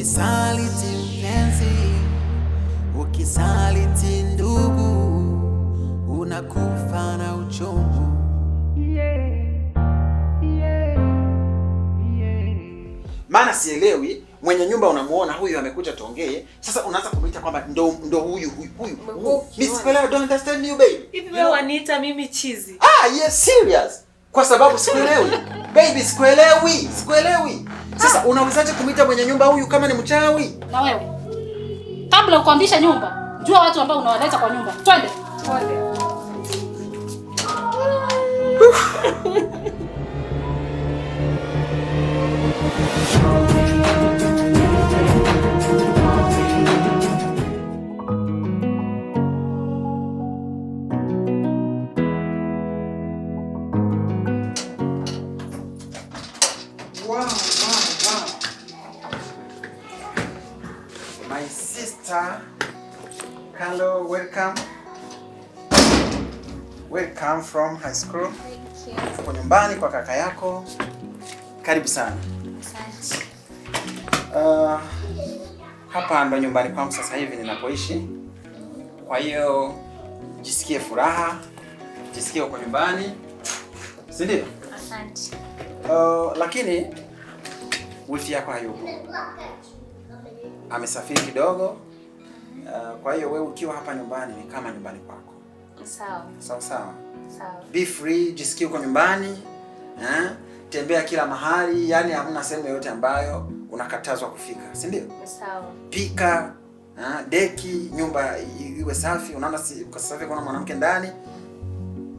Ukisaliti mpenzi, ukisaliti ndugu, unakufa na uchungu. Maana sielewi mwenye nyumba unamuona huyu amekuja tuongee, sasa unaanza kumwita kwamba ndo ndo huyu huyu huyu. Miss sikuelewa, don't understand you baby. Hivi wewe waniita mimi chizi? Ah, yes serious. Kwa sababu sikuelewi. Baby sikuelewi, sikuelewi. Sasa unawezaje kumita mwenye nyumba huyu kama ni mchawi? Na wewe kabla ukombisha nyumba, jua watu ambao unawaleta kwa nyumba. Twende. Twende. Sir, hello, welcome. Welcome from high school. Uko nyumbani kwa kaka yako. Karibu sana. Asante. Uh, hapa ndo nyumbani kwangu sasa hivi ninapoishi. Kwa hiyo jisikie furaha, jisikie uko nyumbani, si ndio? Asante. Uh, lakini wifi yako hayupo, amesafiri kidogo Eh, kwa hiyo wewe ukiwa hapa nyumbani ni kama nyumbani kwako. Sawa. Sawa sawa. Sawa. Be free, jisikie uko nyumbani. Eh? Tembea kila mahali, yani hamna sehemu yoyote ambayo unakatazwa kufika, si ndio? Sawa. Pika, ha? Eh? deki nyumba iwe safi. Unaona si kwa sasa kuna mwanamke ndani.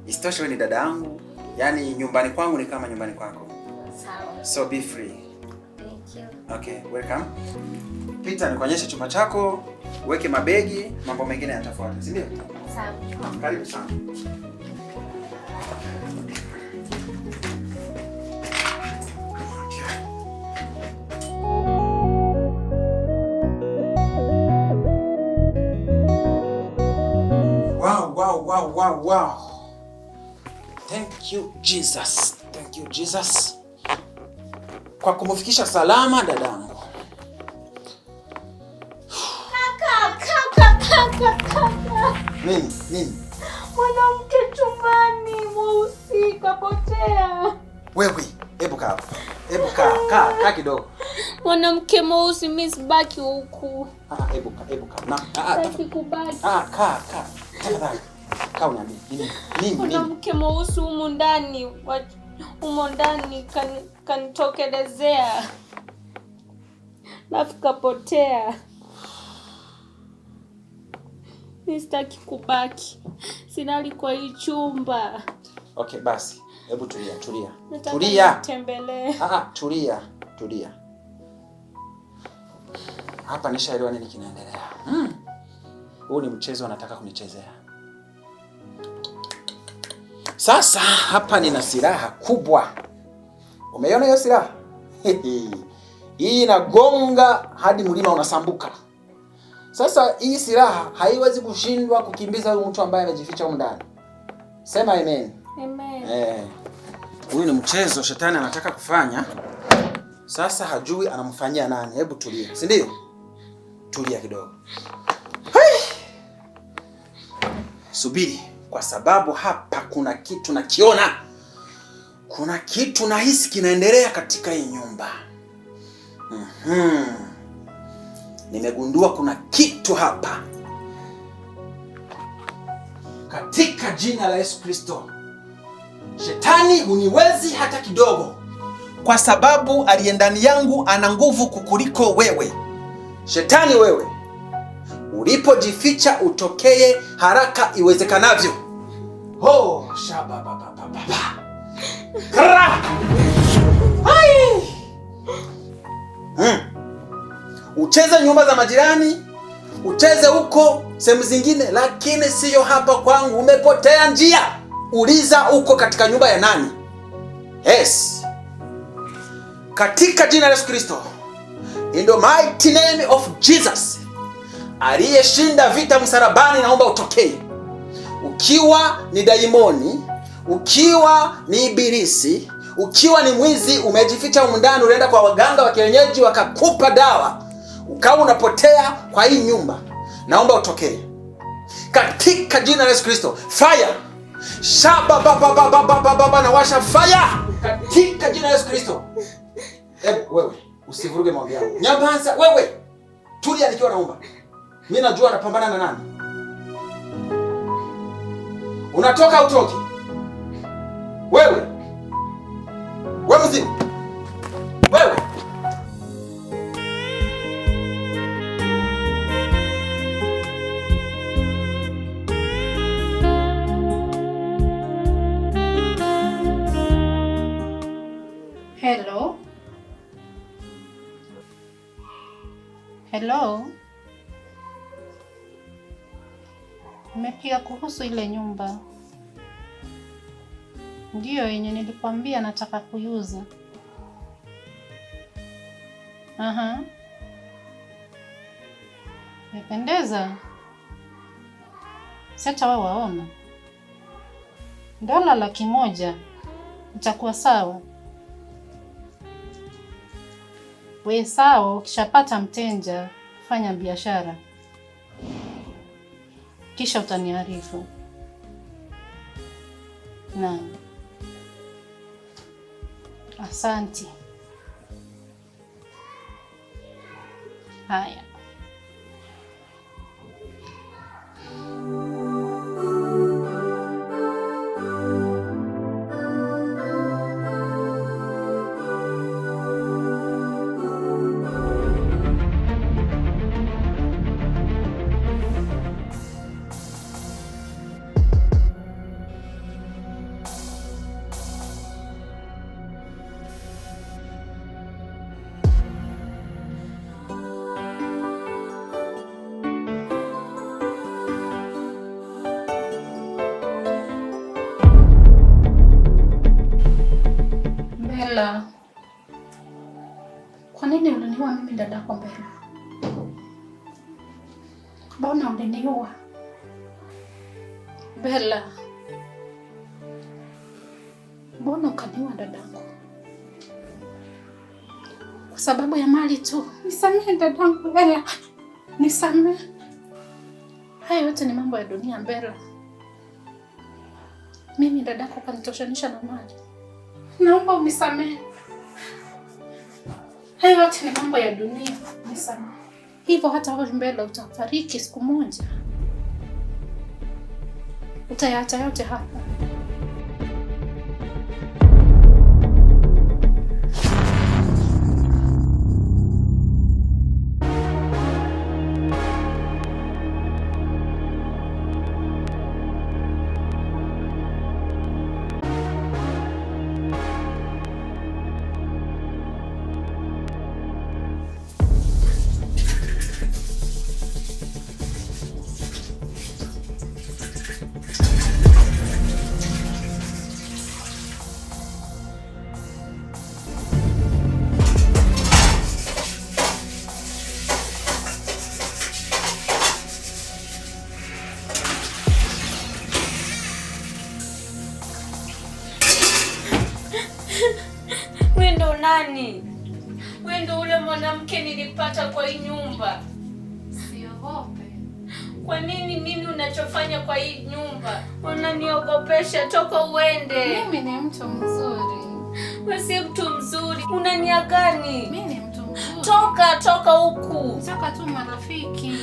Isitoshe wewe ni dada yangu. Yaani nyumbani kwangu ni kama nyumbani kwako. Sawa. So be free. Thank you. Okay, welcome. Peter, nikuonyeshe chumba chako uweke mabegi, mambo mengine yatafuata, si ndio? Sawa. Karibu sana. Wow, wow, wow, Thank you Jesus. Thank you Jesus. Kwa kumfikisha salama dadangu. Nini? Nini? Mwanamke chumbani mweusi kapotea. Wewe, hebu kaa. Hebu kaa, kaa, kaa kidogo. Mwanamke mweusi mimi baki huku. Ah, ah, hebu kaa, hebu kaa. Na, ah, ah sikubaki. Ah, kaa, kaa. Tafadhali. Kaa uniambie. Nini? Nini? Mwanamke mweusi humu ndani, humo ndani kan, kanitokelezea. Nafikatopotea. Sitaki kubaki, sinali kwa hii chumba. Okay, basi hebu tulia, tulia, tulia, ah, ah, tulia, tulia. Hapa nishaelewa nini kinaendelea. Hmm. Huu ni mchezo anataka kunichezea. Sasa hapa nina silaha kubwa. Umeiona hiyo silaha? Hii inagonga hadi mlima unasambuka. Sasa hii silaha haiwezi kushindwa kukimbiza huyu mtu ambaye amejificha huko ndani. Sema amen. Amen. Eh. Huyu ni mchezo shetani anataka kufanya. Sasa hajui anamfanyia nani. Hebu tulia. Si ndio? Tulia kidogo. Hey! Subiri kwa sababu hapa kuna kitu nakiona. Kuna kitu nahisi kinaendelea katika hii nyumba. Mhm. Mm nimegundua kuna kitu hapa. Katika jina la Yesu Kristo, shetani huniwezi hata kidogo, kwa sababu aliye ndani yangu ana nguvu kukuliko wewe. Shetani wewe, ulipojificha utokee haraka iwezekanavyo. Oh, shaba ucheze nyumba za majirani, ucheze huko sehemu zingine, lakini siyo hapa kwangu. Umepotea njia. Uliza uko katika nyumba ya nani? Yes, katika jina la Yesu Kristo, in the mighty name of Jesus, aliyeshinda vita msalabani, naomba utokee ukiwa ni daimoni, ukiwa ni ibilisi, ukiwa ni mwizi, umejificha humu ndani, unaenda kwa waganga wa kienyeji wakakupa dawa ukawa unapotea kwa hii nyumba, naomba utokee katika jina la Yesu Kristo. Fire shaba, nawasha fire katika jina la Yesu Kristo. Hebu eh, wewe usivuruge maombi yangu, nyamaza wewe, tulia nikiwa naomba. Mimi najua anapambana na nani. Unatoka utoki wewe, wewe mzimu kuhusu ile nyumba, ndiyo yenye nilikwambia nataka kuiuza. Aha, yapendeza. Sasa wao waona, dola laki moja itakuwa sawa. We sawa, ukishapata mtenja fanya biashara kisha utaniarifu. Naam, asante. Haya. Mbela, kwa nini uliniua mimi dada yako Mbela? Mbona uliniua Mbela? Mbona ukaniua dadangu kwa sababu ya mali tu? Nisamehe dadangu Bella, nisamehe. Haya yote ni mambo ya dunia Mbela. Mimi dadako kanitoshanisha na mali Naomba unisamehe. Hayo yote ni mambo ya dunia, unisamehe. Hivyo hata wewe mbele utafariki siku moja, utayaacha yote hapa. wewe ndio ule mwanamke nilipata kwa hii nyumba. Siogope. Kwa nini nini unachofanya kwa hii nyumba? Unaniogopesha, toka uende. Mimi ni mtu mzuri. Wewe si mtu mzuri, unaniagani? Mimi ni mtu mzuri. Toka toka huku. Nataka tu marafiki.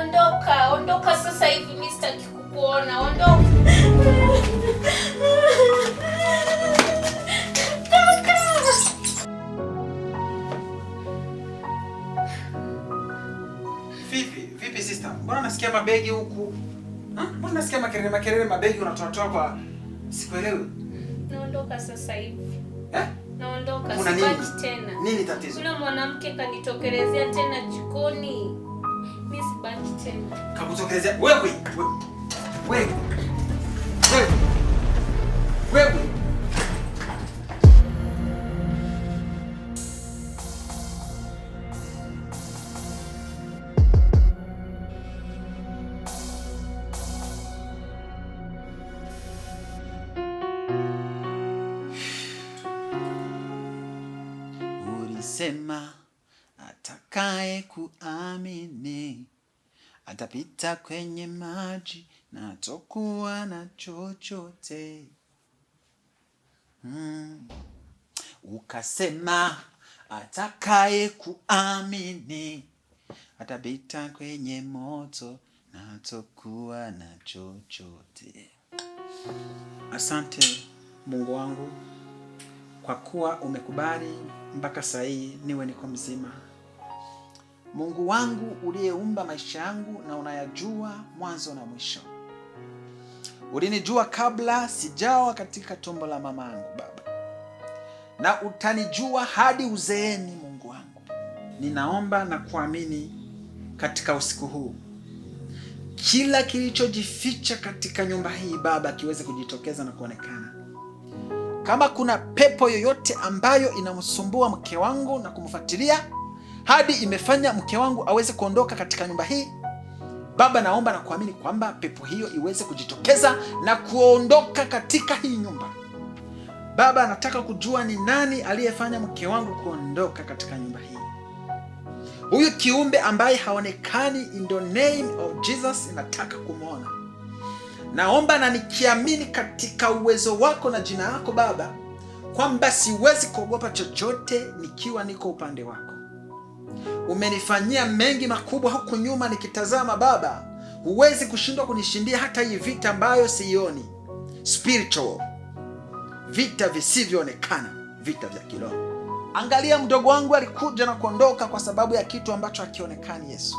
Ondoka, ondoka sasa hivi, mimi sitaki kukuona. Ondoka. Vipi? Vipi sister? Mbona nasikia mabegi huku? Mbona nasikia makelele makelele mabegi unatoa toa kwa sikuelewi? Naondoka sasa hivi. Eh? Naondoka sasa hivi tena. Nini tatizo? Kuna mwanamke kanitokelezea tena jikoni. Mimi sibaki tena. Kakutokelezea wewe. Wewe. Wewe. Wewe. anasema atakaye kuamini atapita kwenye maji na tokuwa na chochote. Hmm. Ukasema atakaye kuamini atapita kwenye moto na tokuwa na chochote. Asante Mungu wangu kwa kuwa umekubali mpaka saa hii niwe niko mzima. Mungu wangu uliyeumba maisha yangu na unayajua mwanzo na mwisho. Ulinijua kabla sijawa katika tumbo la mama yangu Baba, na utanijua hadi uzeeni. Mungu wangu, ninaomba na kuamini katika usiku huu kila kilichojificha katika nyumba hii Baba kiweze kujitokeza na kuonekana kama kuna pepo yoyote ambayo inamsumbua mke wangu na kumfuatilia hadi imefanya mke wangu aweze kuondoka katika nyumba hii, Baba, naomba na kuamini kwamba pepo hiyo iweze kujitokeza na kuondoka katika hii nyumba. Baba, nataka kujua ni nani aliyefanya mke wangu kuondoka katika nyumba hii. Huyu kiumbe ambaye haonekani, in the name of Jesus, inataka kumwona Naomba na nikiamini katika uwezo wako na jina yako Baba, kwamba siwezi kuogopa chochote nikiwa niko upande wako. Umenifanyia mengi makubwa huku nyuma nikitazama Baba, huwezi kushindwa kunishindia hata hii vita ambayo siioni, spiritual vita visivyoonekana, vita vya kiroho. Angalia mdogo wangu alikuja na kuondoka kwa sababu ya kitu ambacho hakionekani, Yesu.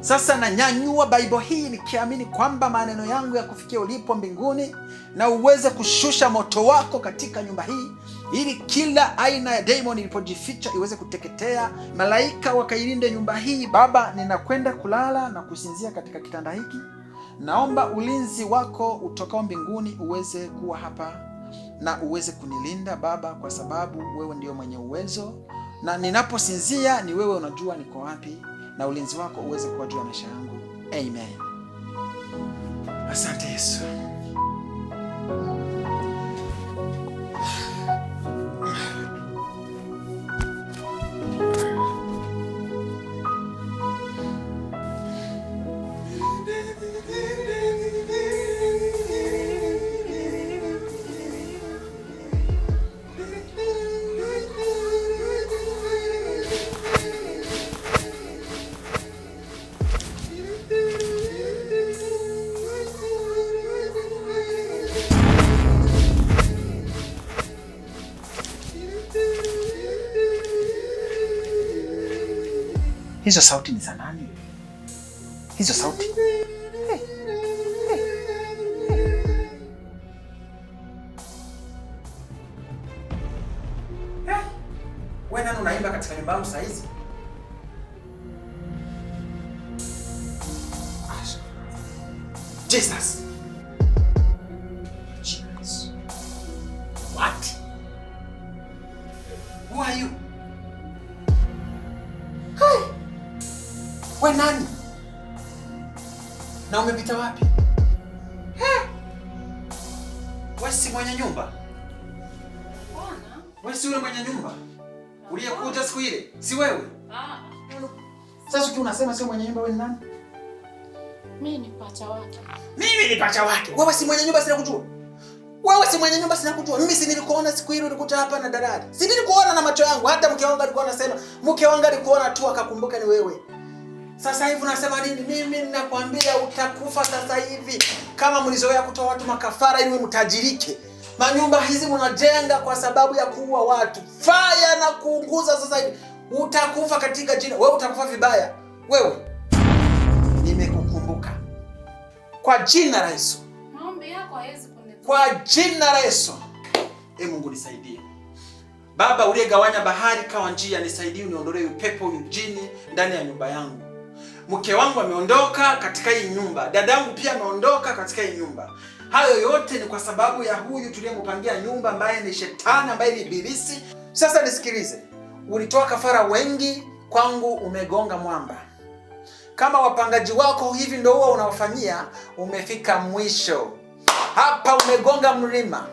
Sasa nanyanyua Bible hii nikiamini kwamba maneno yangu ya kufikia ulipo mbinguni na uweze kushusha moto wako katika nyumba hii ili kila aina ya demon ilipojificha iweze kuteketea, malaika wakailinde nyumba hii. Baba, ninakwenda kulala na kusinzia katika kitanda hiki. Naomba ulinzi wako utokao mbinguni uweze kuwa hapa na uweze kunilinda Baba, kwa sababu wewe ndio mwenye uwezo, na ninaposinzia ni wewe unajua niko wapi na ulinzi wako uweze kuwa juu ya maisha yangu. Amen. Asante Yesu. Hizo sauti ni za nani? Hizo sauti eh, unaimba katika nyumba yangu saa hizi? Ah, Jesus. kufanya nyumba uliyekuja siku ile, si wewe? Ah. Sasa tu unasema sio mwenye nyumba, wewe ni nani? Mimi ni pacha wake. Mimi ni pacha wake. Wewe si mwenye nyumba, sina kujua. Wewe si mwenye nyumba, sina kujua. Mimi si nilikuona siku ile ulikuja hapa na dalali. Si nilikuona na macho yangu, hata mke wangu alikuwa anasema, mke wangu alikuona tu akakumbuka ni wewe. Sasa hivi unasema nini? Mimi ninakwambia utakufa sasa hivi. Kama mlizoea kutoa watu makafara ili mtajirike. Manyumba hizi mnajenga kwa sababu ya kuua watu, faya na kuunguza. Sasa hivi utakufa katika jina, wewe utakufa vibaya. Wewe nimekukumbuka kwa jina la Yesu, maombi yako kwa jina la Yesu. E Mungu nisaidie. Baba uliyegawanya bahari kawa njia, nisaidie, uniondolee upepo mjini ndani ya nyumba yangu. Mke wangu ameondoka katika hii nyumba, dadangu pia ameondoka katika hii nyumba. Hayo yote ni kwa sababu ya huyu tuliyemupangia nyumba, ambaye ni shetani, ambaye ni ibilisi. Sasa nisikilize, ulitoa kafara wengi, kwangu umegonga mwamba. Kama wapangaji wako hivi ndo huwa unawafanyia, umefika mwisho. Hapa umegonga mlima.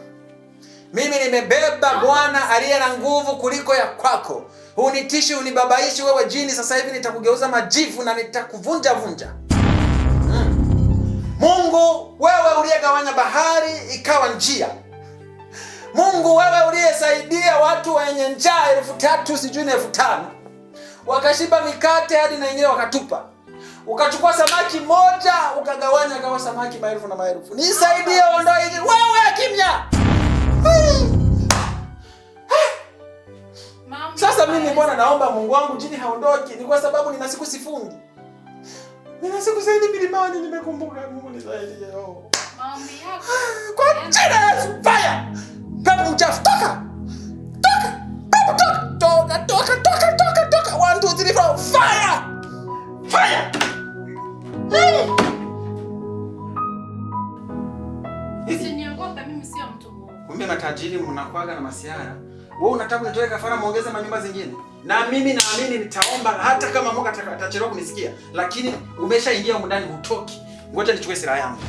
Mimi nimebeba Bwana aliye na nguvu kuliko ya kwako. unitishi unibabaishi wewe jini, sasa hivi nitakugeuza majivu na nitakuvunja vunja. Mungu wewe uliyegawanya bahari ikawa njia, Mungu wewe uliyesaidia watu wenye njaa elfu tatu sijui na elfu tano wakashiba mikate hadi na ingine wakatupa, ukachukua samaki moja ukagawanya kawa samaki maelfu na maelfu. Nisaidie, ondoa hili wewe, kimya. Sasa mimi mbona naomba Mungu wangu jini haondoki? Ni kwa sababu nina siku sifungi Nina siku zaidi milimani nimekumbuka Mungu nisaidie. Maombi yako. Ah, kwa jina la Yesu fire. Pepo mchafu toka. Toka. Pepo toka. Toka toka toka toka toka. One two three four fire. Fire. Hey. mimi sio mtu mwovu. Kumbe matajiri mnakuaga na masiara wewe unataka nitoe kafara muongeze manyumba zingine, na mimi naamini nitaomba, hata kama Mungu atachelewa kunisikia, lakini umeshaingia huko ndani, hutoki. Ngoja nichukue silaha yangu.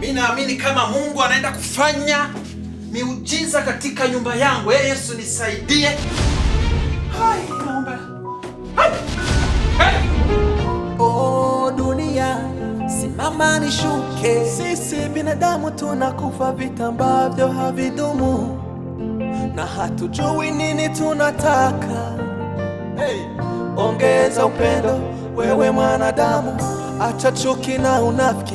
Mimi naamini kama Mungu anaenda kufanya miujiza katika nyumba yangu. Yesu nisaidie. Hai, naomba. Hai. mama nishuke. Sisi binadamu tunakufa, vitambavyo havidumu na hatujui nini tunataka. Hey, ongeza upendo wewe mwanadamu, acha chuki na unafiki,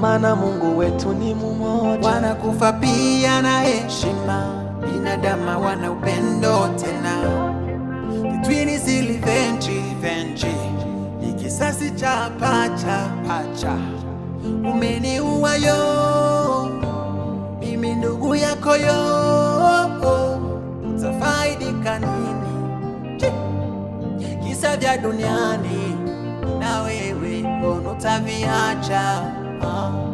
mana Mungu wetu ni mmoja. Wanakufa pia na heshima, binadamu wana upendo tena. Between zili venji venji kisasi cha pacha pacha, umeniua yo, mimi ndugu yako yo, utafaidika nini? Kisa vya duniani na wewe ono utaviacha ah.